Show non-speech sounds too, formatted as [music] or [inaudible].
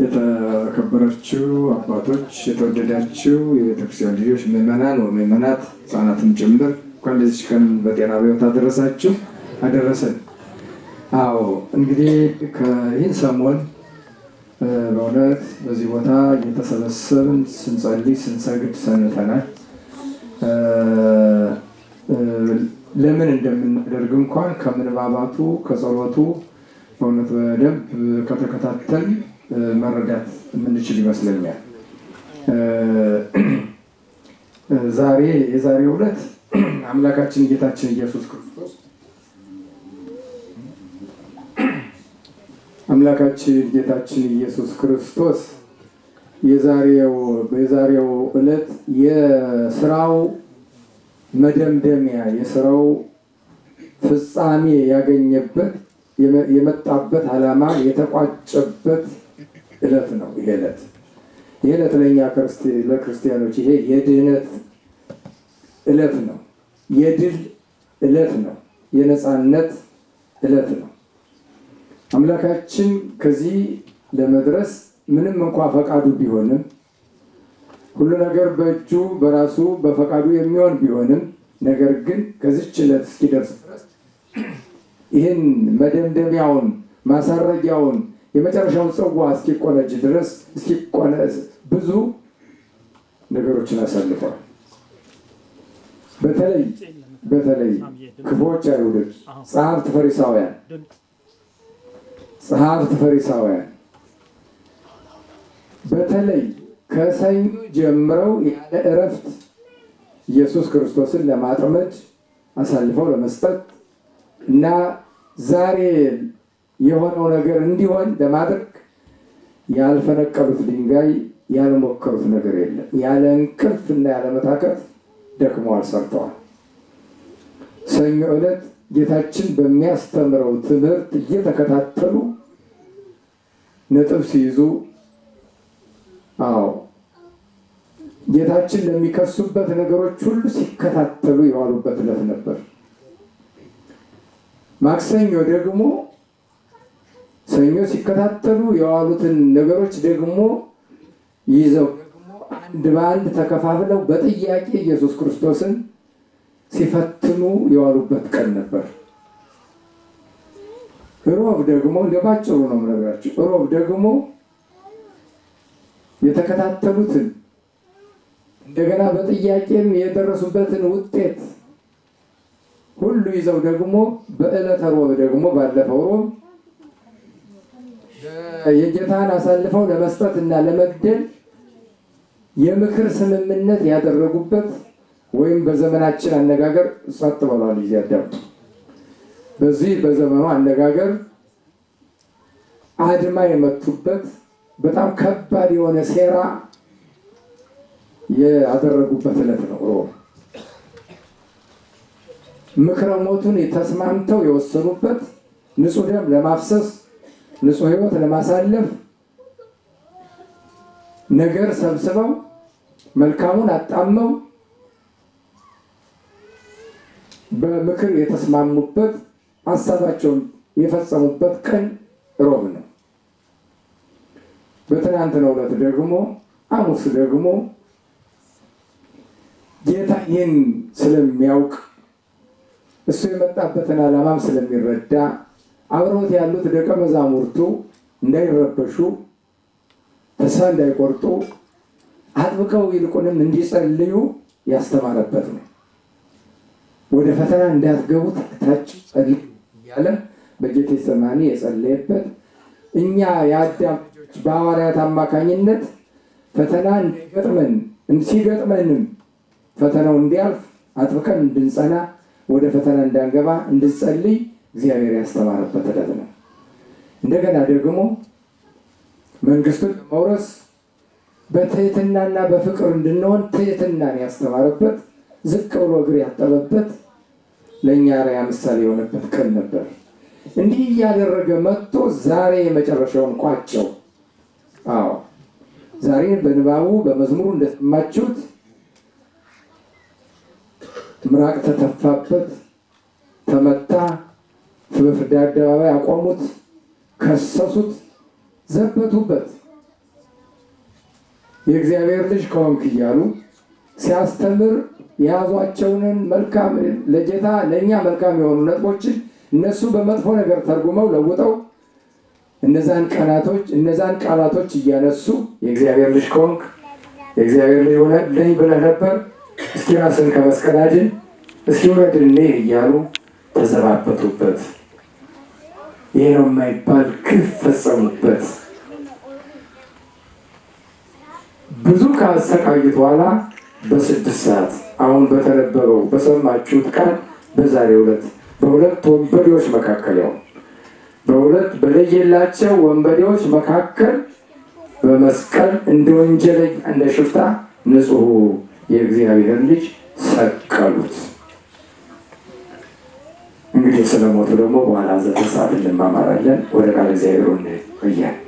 የተከበራችው አባቶች፣ የተወደዳችው የቤተክርስቲያን ልጆች፣ ምዕመናን ወምዕመናት፣ ህፃናትም ጭምር እንኳን ለዚች ቀን በጤና በሕይወት አደረሳችሁ አደረሰን። አዎ እንግዲህ ከይህን ሰሞን በእውነት በዚህ ቦታ እየተሰበሰብን ስንጸልይ ስንሰግድ ሰንተናል። ለምን እንደምናደርግ እንኳን ከምንባባቱ ከጸሎቱ በእውነት በደንብ ከተከታተል መረዳት የምንችል ይመስለኛል። ዛሬ የዛሬው ዕለት [clears throat] አምላካችን ጌታችን ኢየሱስ ክርስቶስ [clears throat] አምላካችን ጌታችን ኢየሱስ ክርስቶስ የዛሬው የዛሬው ዕለት የስራው መደምደሚያ የስራው ፍጻሜ ያገኘበት የመጣበት ዓላማ የተቋጨበት እለት ነው። ይሄ እለት ይሄ እለት ለእኛ ለክርስቲያኖች ይሄ የድህነት እለት ነው። የድል እለት ነው። የነፃነት እለት ነው። አምላካችን ከዚህ ለመድረስ ምንም እንኳ ፈቃዱ ቢሆንም ሁሉ ነገር በእጁ በራሱ በፈቃዱ የሚሆን ቢሆንም ነገር ግን ከዚች ዕለት እስኪደርስ ድረስ ይህን መደምደሚያውን ማሳረጊያውን የመጨረሻውን ጽዋ እስኪቆነጅ ድረስ እስኪቆነ ብዙ ነገሮችን አሳልፈዋል። በተለይ በተለይ ክፎች አይሁዶች፣ ጸሐፍት ፈሪሳውያን ጸሐፍት ፈሪሳውያን በተለይ ከሰኞ ጀምረው ያለ እረፍት ኢየሱስ ክርስቶስን ለማጥመድ አሳልፈው ለመስጠት እና ዛሬ የሆነው ነገር እንዲሆን ለማድረግ ያልፈነቀሉት ድንጋይ ያልሞከሩት ነገር የለም። ያለ እንቅልፍ እና ያለ መታከት ደክመዋል፣ ሰርተዋል። ሰኞ ዕለት ጌታችን በሚያስተምረው ትምህርት እየተከታተሉ ነጥብ ሲይዙ፣ አዎ ጌታችን ለሚከሱበት ነገሮች ሁሉ ሲከታተሉ የዋሉበት ዕለት ነበር። ማክሰኞ ደግሞ ሰኞ ሲከታተሉ የዋሉትን ነገሮች ደግሞ ይዘው ደግሞ አንድ በአንድ ተከፋፍለው በጥያቄ ኢየሱስ ክርስቶስን ሲፈትኑ የዋሉበት ቀን ነበር። ሮብ ደግሞ እንደ ባጭሩ ነው የምነግራችሁ። ሮብ ደግሞ የተከታተሉትን እንደገና በጥያቄም የደረሱበትን ውጤት ሁሉ ይዘው ደግሞ በዕለተ ሮብ ደግሞ ባለፈው ሮብ የጌታን አሳልፈው ለመስጠት እና ለመግደል የምክር ስምምነት ያደረጉበት ወይም በዘመናችን አነጋገር ጸጥ ብሏል። ጊዜ አዳምጡ። በዚህ በዘመኑ አነጋገር አድማ የመቱበት በጣም ከባድ የሆነ ሴራ ያደረጉበት ዕለት ነው። ምክረ ሞቱን ተስማምተው የወሰኑበት ንጹህ ደም ለማፍሰስ ንጹሕ ህይወት ለማሳለፍ ነገር ሰብስበው መልካሙን አጣመው በምክር የተስማሙበት ሀሳባቸውን የፈጸሙበት ቀን ሮብ ነው። በትናንትናው ዕለት ደግሞ ሐሙስ ደግሞ ጌታ ይህን ስለሚያውቅ እሱ የመጣበትን ዓላማም ስለሚረዳ አብረውት ያሉት ደቀ መዛሙርቱ እንዳይረበሹ ተስፋ እንዳይቆርጡ አጥብቀው ይልቁንም እንዲጸልዩ ያስተማረበት ነው። ወደ ፈተና እንዳትገቡ ታች ጸልዩ እያለ በጌቴሰማኒ የጸለየበት እኛ የአዳም ልጆች በሐዋርያት አማካኝነት ፈተና እንዳይገጥመን ሲገጥመንም ፈተናው እንዲያልፍ አጥብቀን እንድንጸና ወደ ፈተና እንዳንገባ እንድንጸልይ እግዚአብሔር ያስተማረበት ዕለት ነው። እንደገና ደግሞ መንግስቱን ለመውረስ በትህትናና በፍቅር እንድንሆን ትህትናን ያስተማረበት ዝቅ ብሎ እግር ያጠበበት ለእኛ ራያ ምሳሌ የሆነበት ቀን ነበር። እንዲህ እያደረገ መጥቶ ዛሬ የመጨረሻውን ቋጨው። አዎ ዛሬ በንባቡ በመዝሙሩ እንደሰማችሁት ምራቅ ተተፋበት፣ ተመታ በፍርድ አደባባይ አቆሙት፣ ከሰሱት፣ ዘበቱበት። የእግዚአብሔር ልጅ ከሆንክ እያሉ ሲያስተምር የያዟቸውንን መልካም ለጌታ ለእኛ መልካም የሆኑ ነጥቦችን እነሱ በመጥፎ ነገር ተርጉመው ለውጠው እነዛን ቀናቶች እነዛን ቃላቶች እያነሱ የእግዚአብሔር ልጅ ከሆንክ የእግዚአብሔር ልጅ ሆነ ልኝ ብለህ ነበር፣ እስኪ ራስን ከመስቀል አድን፣ እስኪ ውረድ እኔ እያሉ ተዘባበቱበት። ይህ ነው የማይባል ግፍ ፈጸሙበት። ብዙ ካሰቃዩት በኋላ በስድስት ሰዓት አሁን በተነበበው በሰማችሁት ቃል በዛሬ ዕለት በሁለት ወንበዴዎች መካከል ያው በሁለት በለየላቸው ወንበዴዎች መካከል በመስቀል እንደ ወንጀለኛ እንደ ሽፍታ ንጹሕ የእግዚአብሔር ልጅ ሰቀሉት። እንግዲህ ስለሞቱ ደግሞ በኋላ ዘተሰዓት እንማማራለን። ወደ ቃል እግዚአብሔር ወያል